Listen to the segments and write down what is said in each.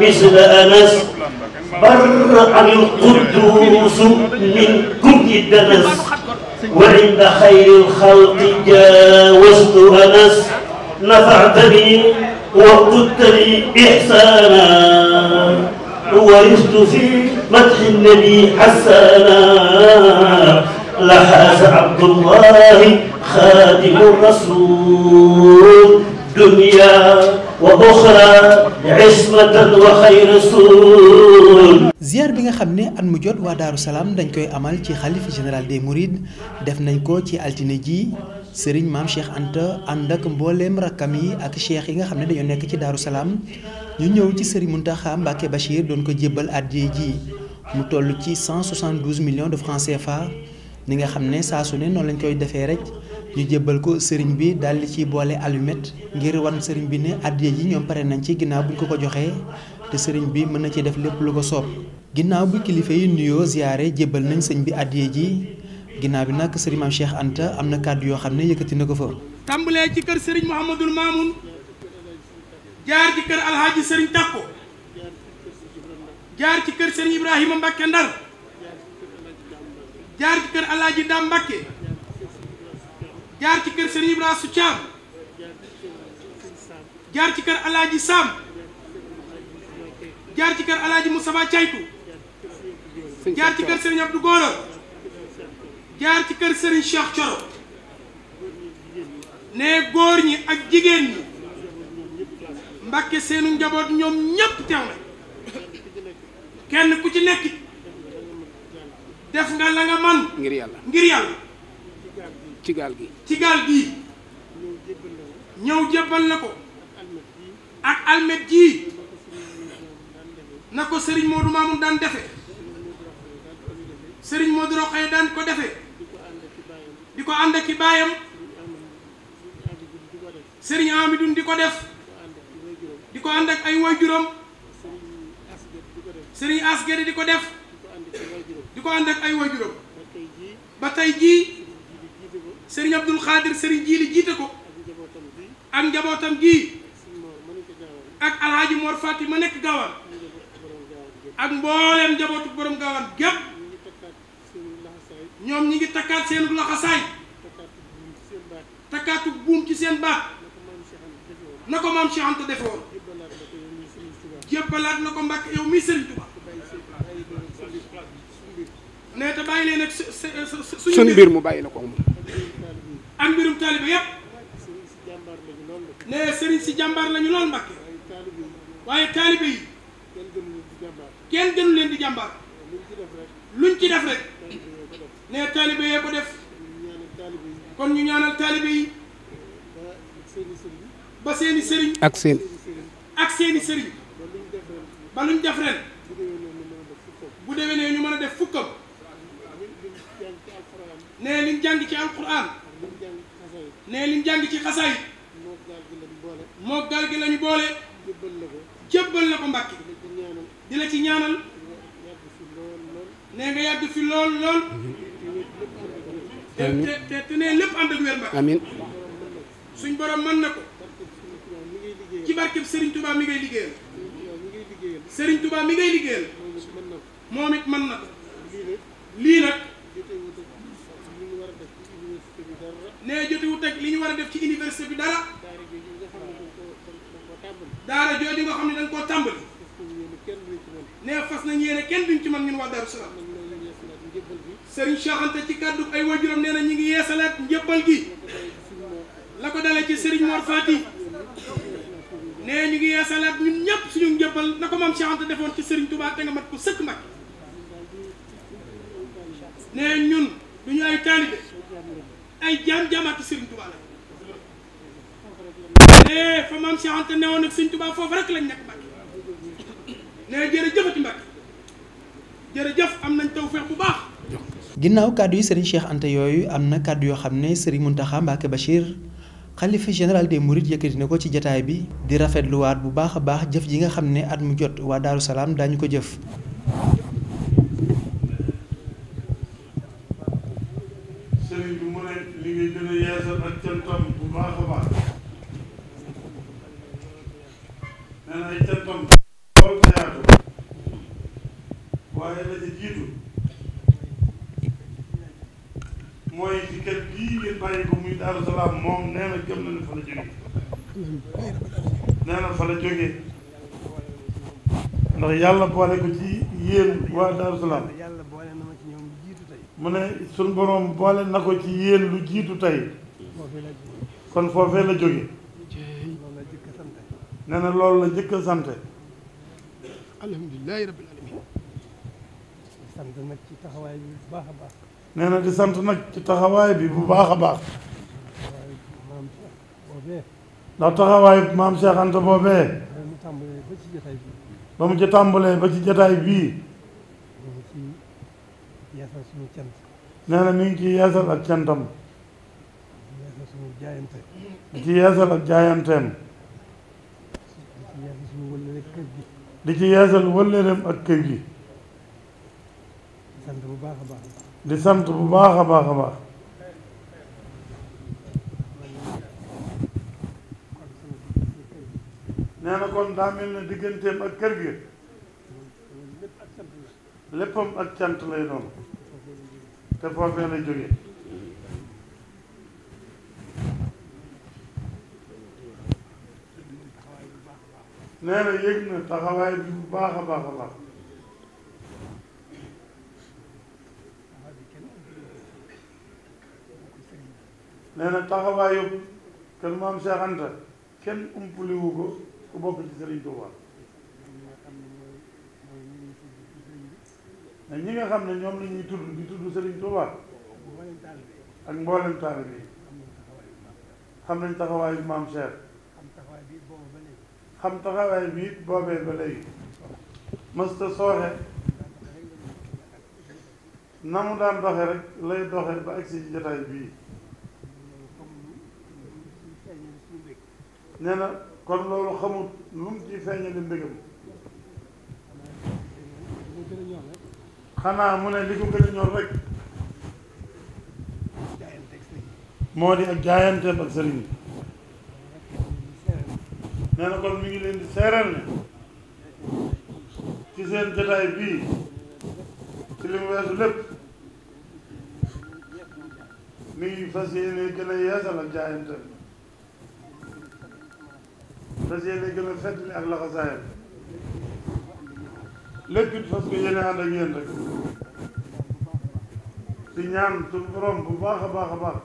مثل أنس برأ القدوس من كل دنس وعند خير الخلق جاوزت أنس نفعتني وقدت لي إحسانا ورثت في مدح النبي حسانا لحاز عبد الله خادم الرسول دنيا وأخرى عصمة وخير سول ziar bi nga xam ne at mu jot waa Daaru Salaam dañ koy amal ci xalifa général des Mourides def nañ ko ci altine ji sëriñ maam Cheikh ant ànd ak mbooleem rakkam yi ak cheikh yi nga xam ne dañoo nekk ci Daaru Salaam ñu ñëw ci sëriñ Mountakha Mbacké Bachir doon ko jébbal addiya ji mu toll ci 172 millions de francs CFA ni nga xam ne saasu ne noonu lañ koy defee rek. ñu jébbal ko sëriñ bi daal di ci boole alimet ngir wan sëriñ bi ne addiya yi ñoom pare nañ ci ginnaaw bu ñu ko ko joxee te sëriñ bi mën na ci def lépp lu ko soob. ginnaaw bi kilifa yi nuyoo ziyaare jébbal nañ sëñ bi addiya ji ginnaaw bi nag sëriñ maam Cheikh Anta am na kàdd yoo xam ne yëkkati ko fa. tàmbalee ci kër sëriñ Mouhamadul Mamoun jaar ci kër Alhaji sëriñ Takko jaar ci kër sëriñ Ibrahima Mbacke Ndar jaar ci kër Alhaji Dam Mbacke. jaar ci kër Serigne Ibra su Thiam jaar ci kër Alaaji Sam jaar ci kër Alaaji Moustapha Caytu jaar ci kër Serigne Abdou Gora jaar ci kër Serigne Cheikh Thioro ne góor ñi ak jigéen ñi Mbàkke seeni njaboot ñoom ñépp teew na kenn ku ci nekk def nga la nga man ngir yàlla ngir yàlla ci gaal gi ci gaal gi ñëw jébbal na ko ak almet ji na ko sëriñ Modou Mamoun daan defe sëriñ Modou Rokhaya daan ko defe di ko ànd ak i baayam sëriñ Amidoun di ko def di ko ànd ak ay waajuram sëriñ Asgeri di ko def di ko ànd ak ay waajuram ba tey jii sëriñ Abdul Xaadir sëriñ Jiili jiite ko ak njabootam gii ak alhaaji Mor ma nekk gaawaan ak mbooleem njabootu borom gaawaan gépp ñoom ñi ngi takkaat seen laxasaay takkaatu buum ci seen baat na ko maam Cheikh Anta defe woon na ko mbàkk yow mii sëriñ Tuubaa ne te bàyyi leen ak suñu mbir mu bàyyi la ko amul ak mbirum taalibe yépp ne sëriñ si jàmbaar lañu lool Mbàkke waaye taalibe yi kenn gënu leen di jàmbaar luñ ci def rek ne taalibe yee kon ñu ñaanal taalibe yi ba seeni sëriñ ak seen ak seeni sëriñ ba luñ def ren bu déwénee ñu mën a def fukkam ne liñ jàng ci alquran nee li mu ci xasaay moo gaal gi lañu boole moo gaal gi lañu boole jébbal na ko jébbal na ci ñaanal nee nga yàgg fi lool lool te te te nee lépp ànd ak wér Mbàkke suñ borom mën na ko ci barkeb Serigne Touba mi ngay liggéeyal Serigne Touba mi ngay liggéeyal moom it mën na ko lii nag nee jotiwut ak li ñu war a def ci université bi dara daara di nga xam ne dañ koo tàmbali nee fas nañ yéene kenn duñ ci man ñun waa Darou Salaam Serigne Cheikh Anta ci kàddu ay waajuram nee na ñu ngi yeesalaat njëbbal gi la ko dalee ci Serigne Mor Fati nee ñu ngi yeesalaat ñun ñëpp suñu njëbbal na ko maam Cheikh Anta defoon ci Serigne Touba te nga mat ko sëkk mag nee ñun du ñu ay taalibe ay jaam jaamaati eh, Serigne Touba foofu rek lañ nekk Mbacke nee jërëjëfati Mbacke am nañ tawfeex bu baax. ginnaaw kàddu yi Serigne Cheikh Anta yooyu am na kàddu yoo xam ne Serigne Mountakha Mbacké Bachir. xalifa général des Mourides yëkkati na ko ci jataay bi di rafetluwaat bu baax a baax jëf ji nga xam ne at mu jot waa Daaru Salaam daañu ko jëf waaye la ca jiitu mooy ci kër gii ngeen bàyyi ko yàlla boole ko ci yéen waa Daaru suñ boroom boole na ko ci yéen lu jiitu tey kon foofee la jóge nee na loolu la njëkk a sant nag ci taxawaay bi bu baax a baax. nee na di sant nag ci taxawaay bi bu baax a baax. ndax taxawaay maam Cheikh Anta boobee. ba mu ci tàmbalee ba ci jataay bii. nee na ngi yeesal ak cantam. di ci yeesal ak jaayanteem. di ci yeesal wëllëreem ak kër gi. bu baax a baax di sant bu baax a baax a baax nee na kon daa mel ne digganteem ak kër gi léppam ak cant te foofee la jógee nee na yëg na taxawaay bi bu baax baax nee na taxawaayu kër maam Cheikh Anta kenn umpaliwu ko ku bokk ci Serigne Touba mais ñi nga xam ne ñoom la ñuy tudd di tudd Serigne Touba ak mboolem taalibe bi xam nañ taxawaayu maam Cheikh xam taxawaay bi it boobee ba léegi mësta sooxe na mu daan doxe rek lay doxe ba agsi ci jotaay bii nee na kon loolu xamul lu mu ci feeñale mbégam xanaa mu ne li ko gën a ñor rek moo di ak jaayanteem ak sëriñ bi na kon mi ngi leen di seeral ne ci seen jotaay bii ci li mu weesu lépp mi ngi fas yéene gën a yeesal ak jaayanteem fas yéene gën a fettali ak laxasaayam lépp it fas ko yéene ànd ak yéen rek di ñaan suñu borom bu baax a baax a baax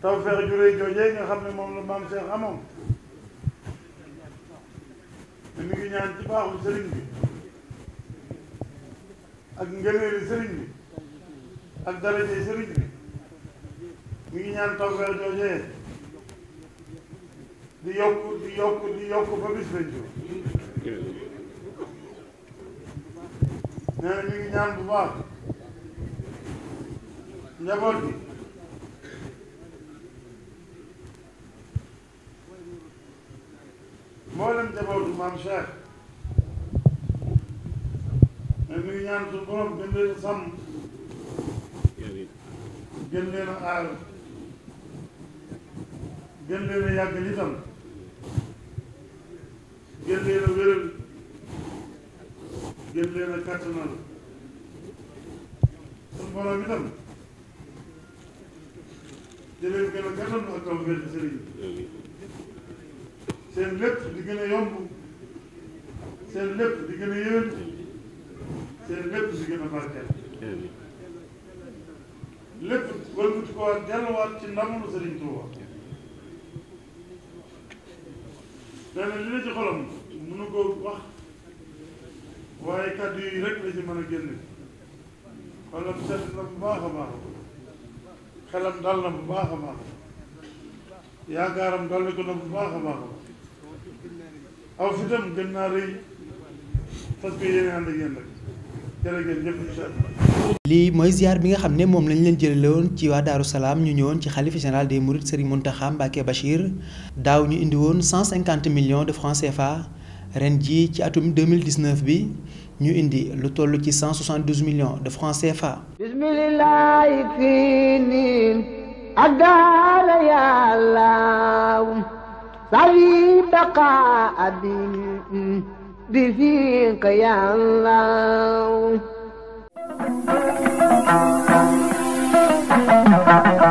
tawfeex ju réy nga xam ne moom la maam Cheikh amoon te mi ngi ñaan ci baaxu sëriñ bi ak ngëneeli sëriñ bi ak daraje sëriñ bi mi ngi ñaan tawfeex joojee di yokku di yokku di yokku ba bis lañ jóg nee na mi ngi ñaan bu baax njaboot bi mboolem njabootu maam Cheikh nee na mi ngi ñaan su borom gën leen sàmm gën leen a aar gën leen a yàgg itam gën leen a wéral gën leen a kàttanal suñu borom itam di leen gën a gàttal ak taw benn sëriñ seen lépp di gën a yomb seen lépp di gën a yéwén seen lépp di gën a barkeel lépp wëlbati ko waat delluwaat ci ndamu sëriñ nee na li ne ci xolam mënu ko wax waaye kàddu yi rek la ci mën a génne xolam set na bu baax a baax xelam dal na bu baax a baax yaakaaram dolli ko na bu baax a baax aw fitam gën naa rëy parce que yéen ànd ak yéen rek jërë ngeen jëf incha allah lii mooy ziar bi nga xam ne moom lañ leen jëlale woon ci waa Daaru Salaam ñu ñëwoon ci xalifa général des Mourides Serigne Mountakha Mbacké Bachir daaw ñu indi woon 150 millions de francs CFA ren ji ci atum 2019 bi ñu indi lu toll ci 172 millions de francs CFA. bismillahi fii nii ak daala yàlla Thank you.